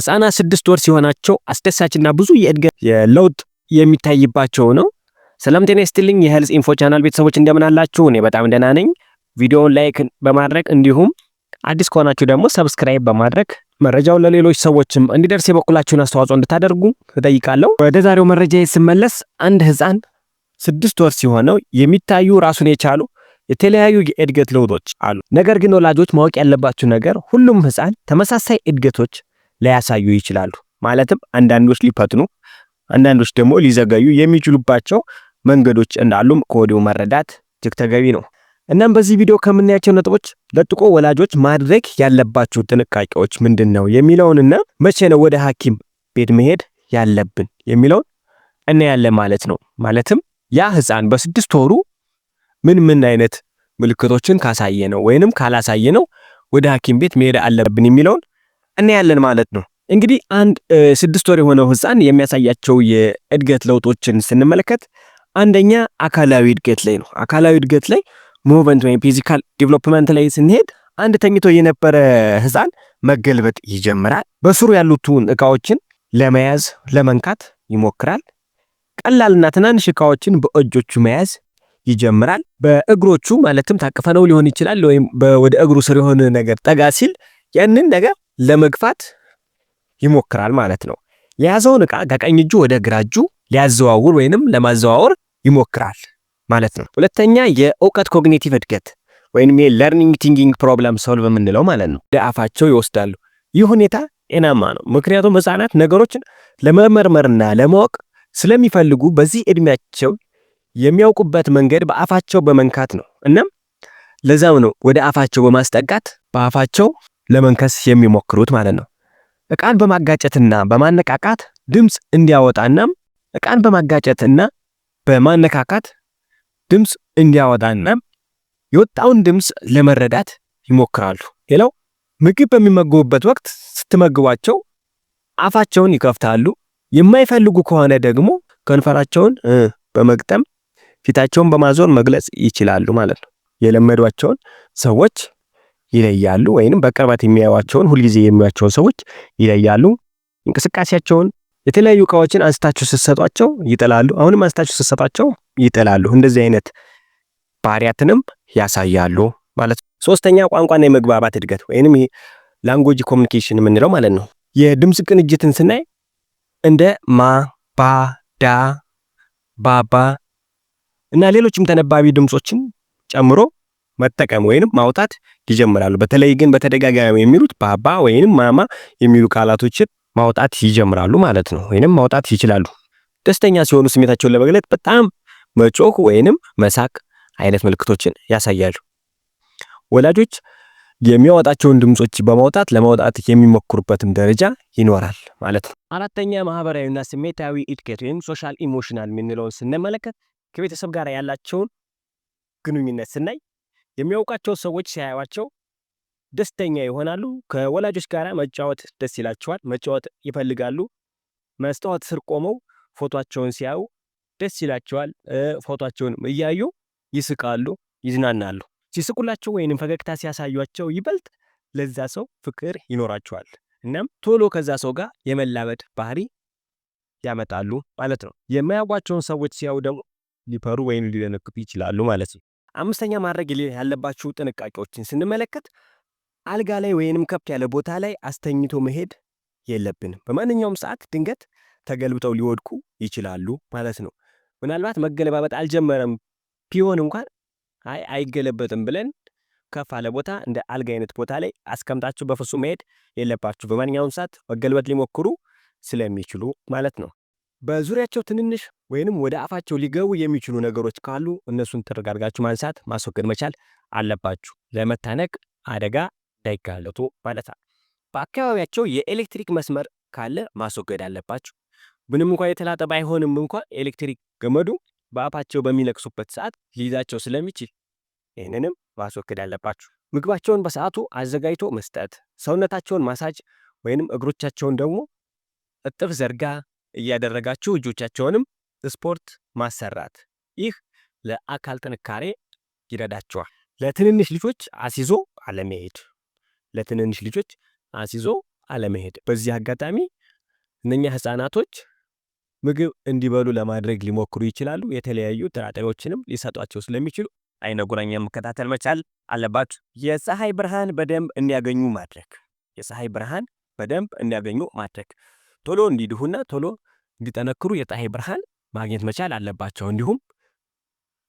ህፃናት ስድስት ወር ሲሆናቸው አስደሳችና ብዙ የእድገት የለውጥ የሚታይባቸው ነው። ሰላም ጤና ይስጥልኝ የሄልዝ ኢንፎ ቻናል ቤተሰቦች እንደምን አላችሁ? እኔ በጣም ደህና ነኝ። ቪዲዮውን ላይክ በማድረግ እንዲሁም አዲስ ከሆናችሁ ደግሞ ሰብስክራይብ በማድረግ መረጃውን ለሌሎች ሰዎችም እንዲደርስ የበኩላችሁን አስተዋጽኦ እንድታደርጉ እጠይቃለሁ። ወደ ዛሬው መረጃ ስመለስ አንድ ህፃን ስድስት ወር ሲሆነው የሚታዩ ራሱን የቻሉ የተለያዩ የእድገት ለውጦች አሉ። ነገር ግን ወላጆች ማወቅ ያለባችሁ ነገር ሁሉም ህፃን ተመሳሳይ እድገቶች ሊያሳዩ ይችላሉ። ማለትም አንዳንዶች ሊፈትኑ፣ አንዳንዶች ደግሞ ሊዘገዩ የሚችሉባቸው መንገዶች እንዳሉም ከወዲሁ መረዳት እጅግ ተገቢ ነው። እናም በዚህ ቪዲዮ ከምናያቸው ነጥቦች ለጥቆ ወላጆች ማድረግ ያለባቸው ጥንቃቄዎች ምንድን ነው የሚለውንና መቼ ነው ወደ ሐኪም ቤት መሄድ ያለብን የሚለውን እናያለን ማለት ነው። ማለትም ያ ህፃን በስድስት ወሩ ምን ምን አይነት ምልክቶችን ካሳየ ነው ወይንም ካላሳየ ነው ወደ ሐኪም ቤት መሄድ አለብን የሚለውን እናያለን ማለት ነው። እንግዲህ አንድ ስድስት ወር የሆነው ህፃን የሚያሳያቸው የእድገት ለውጦችን ስንመለከት አንደኛ አካላዊ እድገት ላይ ነው። አካላዊ እድገት ላይ ሙቭመንት ወይም ፊዚካል ዴቨሎፕመንት ላይ ስንሄድ አንድ ተኝቶ የነበረ ህፃን መገልበጥ ይጀምራል። በስሩ ያሉትን እቃዎችን ለመያዝ ለመንካት ይሞክራል። ቀላልና ትናንሽ እቃዎችን በእጆቹ መያዝ ይጀምራል። በእግሮቹ ማለትም ታቅፈነው ሊሆን ይችላል ወይም ወደ እግሩ ስር የሆነ ነገር ጠጋ ሲል ያንን ነገር ለመግፋት ይሞክራል ማለት ነው። የያዘውን ዕቃ ከቀኝ እጁ ወደ ግራ እጁ ሊያዘዋውር ወይንም ለማዘዋወር ይሞክራል ማለት ነው። ሁለተኛ የእውቀት ኮግኒቲቭ እድገት ወይንም የለርኒንግ ቲንኪንግ ፕሮብለም ሶልቭ የምንለው ማለት ነው። ወደ አፋቸው ይወስዳሉ። ይህ ሁኔታ ጤናማ ነው። ምክንያቱም ህጻናት ነገሮችን ለመመርመርና ለማወቅ ስለሚፈልጉ በዚህ እድሜያቸው የሚያውቁበት መንገድ በአፋቸው በመንካት ነው። እናም ለዛም ነው ወደ አፋቸው በማስጠጋት በአፋቸው ለመንከስ የሚሞክሩት ማለት ነው። እቃን በማጋጨትና በማነቃቃት ድምፅ እንዲያወጣናም እቃን በማጋጨትና በማነካካት ድምፅ እንዲያወጣናም የወጣውን ድምፅ ለመረዳት ይሞክራሉ። ሌላው ምግብ በሚመገቡበት ወቅት ስትመግቧቸው አፋቸውን ይከፍታሉ። የማይፈልጉ ከሆነ ደግሞ ከንፈራቸውን በመግጠም ፊታቸውን በማዞር መግለጽ ይችላሉ ማለት ነው። የለመዷቸውን ሰዎች ይለያሉ፣ ወይንም በቅርበት የሚያዩቸውን ሁልጊዜ የሚያዩቸውን ሰዎች ይለያሉ። እንቅስቃሴያቸውን የተለያዩ እቃዎችን አንስታችሁ ስትሰጧቸው ይጥላሉ። አሁንም አንስታችሁ ስትሰጧቸው ይጥላሉ። እንደዚህ አይነት ባህሪያትንም ያሳያሉ ማለት ነው። ሶስተኛ ቋንቋና የመግባባት እድገት ወይንም ላንጉጅ ኮሚኒኬሽን የምንለው ማለት ነው። የድምፅ ቅንጅትን ስናይ እንደ ማ፣ ባ፣ ዳ፣ ባባ እና ሌሎችም ተነባቢ ድምፆችን ጨምሮ መጠቀም ወይንም ማውጣት ይጀምራሉ። በተለይ ግን በተደጋጋሚ የሚሉት ባባ ወይንም ማማ የሚሉ ቃላቶችን ማውጣት ይጀምራሉ ማለት ነው፣ ወይንም ማውጣት ይችላሉ። ደስተኛ ሲሆኑ ስሜታቸውን ለመግለጥ በጣም መጮህ ወይንም መሳቅ አይነት ምልክቶችን ያሳያሉ። ወላጆች የሚያወጣቸውን ድምጾች በማውጣት ለማውጣት የሚሞክሩበትም ደረጃ ይኖራል ማለት ነው። አራተኛ ማህበራዊና ስሜታዊ ኢድኬት ወይም ሶሻል ኢሞሽናል የምንለውን ስንመለከት ከቤተሰብ ጋር ያላቸውን ግንኙነት ስናይ የሚያውቃቸው ሰዎች ሲያያቸው ደስተኛ ይሆናሉ። ከወላጆች ጋር መጫወት ደስ ይላቸዋል፣ መጫወት ይፈልጋሉ። መስታወት ስር ቆመው ፎቷቸውን ሲያዩ ደስ ይላቸዋል። ፎቷቸውን እያዩ ይስቃሉ፣ ይዝናናሉ። ሲስቁላቸው ወይንም ፈገግታ ሲያሳዩቸው ይበልጥ ለዛ ሰው ፍቅር ይኖራቸዋል። እናም ቶሎ ከዛ ሰው ጋር የመላመድ ባህሪ ያመጣሉ ማለት ነው። የማያውቋቸውን ሰዎች ሲያዩ ደግሞ ሊፈሩ ወይም ሊደነግጡ ይችላሉ ማለት ነው። አምስተኛ ማድረግ ያለባችሁ ጥንቃቄዎችን ስንመለከት አልጋ ላይ ወይንም ከብት ያለ ቦታ ላይ አስተኝቶ መሄድ የለብንም። በማንኛውም ሰዓት ድንገት ተገልብተው ሊወድቁ ይችላሉ ማለት ነው። ምናልባት መገለባበጥ አልጀመረም ቢሆን እንኳን አይ አይገለበጥም ብለን ከፍ ያለ ቦታ እንደ አልጋ አይነት ቦታ ላይ አስቀምጣችሁ በፍጹም መሄድ የለባችሁ። በማንኛውም ሰዓት መገልበጥ ሊሞክሩ ስለሚችሉ ማለት ነው። በዙሪያቸው ትንንሽ ወይንም ወደ አፋቸው ሊገቡ የሚችሉ ነገሮች ካሉ እነሱን ተረጋርጋችሁ ማንሳት ማስወገድ መቻል አለባችሁ፣ ለመታነቅ አደጋ እንዳይጋለጡ ማለት ነው። በአካባቢያቸው የኤሌክትሪክ መስመር ካለ ማስወገድ አለባችሁ። ምንም እንኳ የተላጠ ባይሆንም እንኳ ኤሌክትሪክ ገመዱ በአፋቸው በሚለቅሱበት ሰዓት ሊይዛቸው ስለሚችል ይህንንም ማስወገድ አለባችሁ። ምግባቸውን በሰዓቱ አዘጋጅቶ መስጠት፣ ሰውነታቸውን ማሳጅ ወይንም እግሮቻቸውን ደግሞ እጥፍ ዘርጋ እያደረጋችሁ እጆቻቸውንም ስፖርት ማሰራት ይህ ለአካል ጥንካሬ ይረዳቸዋል። ለትንንሽ ልጆች አስይዞ አለመሄድ ለትንንሽ ልጆች አስይዞ አለመሄድ። በዚህ አጋጣሚ እነኛ ህጻናቶች ምግብ እንዲበሉ ለማድረግ ሊሞክሩ ይችላሉ። የተለያዩ ጥራጥሬዎችንም ሊሰጧቸው ስለሚችሉ አይነ ጉራኛ መከታተል መቻል አለባችሁ። የፀሐይ ብርሃን በደንብ እንዲያገኙ ማድረግ የፀሐይ ብርሃን በደንብ እንዲያገኙ ማድረግ ቶሎ እንዲድሁና ቶሎ እንዲጠነክሩ የፀሐይ ብርሃን ማግኘት መቻል አለባቸው። እንዲሁም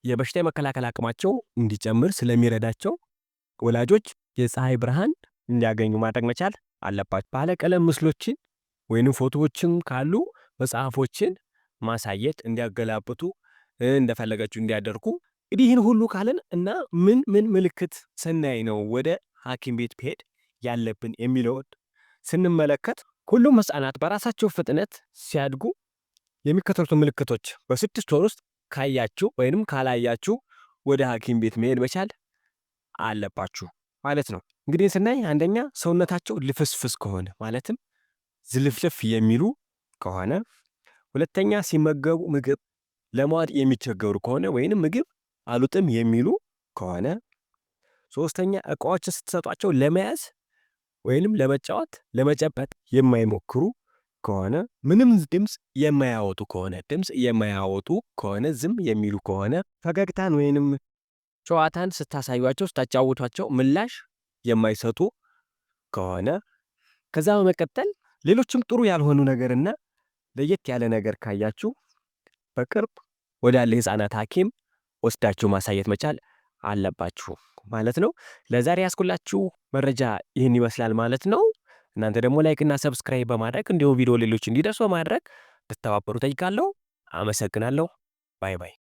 የበሽታ የመከላከል አቅማቸው እንዲጨምር ስለሚረዳቸው ወላጆች የፀሐይ ብርሃን እንዲያገኙ ማድረግ መቻል አለባቸው። ባለ ቀለም ምስሎችን ወይንም ፎቶዎችም ካሉ መጽሐፎችን ማሳየት እንዲያገላብጡ እንደፈለገችው እንዲያደርጉ እንግዲህ ይህን ሁሉ ካለን እና ምን ምን ምልክት ስናይ ነው ወደ ሐኪም ቤት ሄድ ያለብን የሚለውን ስንመለከት ሁሉም ህጻናት በራሳቸው ፍጥነት ሲያድጉ የሚከተሉት ምልክቶች በስድስት ወር ውስጥ ካያችሁ ወይንም ካላያችሁ ወደ ሐኪም ቤት መሄድ መቻል አለባችሁ ማለት ነው። እንግዲህ ስናይ አንደኛ ሰውነታቸው ልፍስፍስ ከሆነ ማለትም ዝልፍልፍ የሚሉ ከሆነ፣ ሁለተኛ ሲመገቡ ምግብ ለመዋጥ የሚቸገሩ ከሆነ ወይንም ምግብ አሉጥም የሚሉ ከሆነ፣ ሶስተኛ እቃዎችን ስትሰጧቸው ለመያዝ ወይንም ለመጫወት ለመጨበጥ የማይሞክሩ ከሆነ ምንም ድምፅ የማያወጡ ከሆነ ድምፅ የማያወጡ ከሆነ ዝም የሚሉ ከሆነ ፈገግታን ወይንም ጨዋታን ስታሳዩቸው ስታጫወቷቸው ምላሽ የማይሰጡ ከሆነ ከዛ በመቀጠል ሌሎችም ጥሩ ያልሆኑ ነገርና ለየት ያለ ነገር ካያችሁ በቅርብ ወዳለ ህፃናት ሐኪም ወስዳችሁ ማሳየት መቻል አለባችሁ ማለት ነው። ለዛሬ ያስኩላችሁ መረጃ ይህን ይመስላል ማለት ነው። እናንተ ደግሞ ላይክና ሰብስክራይብ በማድረግ እንዲሁም ቪዲዮ ሌሎች እንዲደርሱ በማድረግ ልትተባበሩ ጠይቃለሁ። አመሰግናለሁ። ባይ ባይ።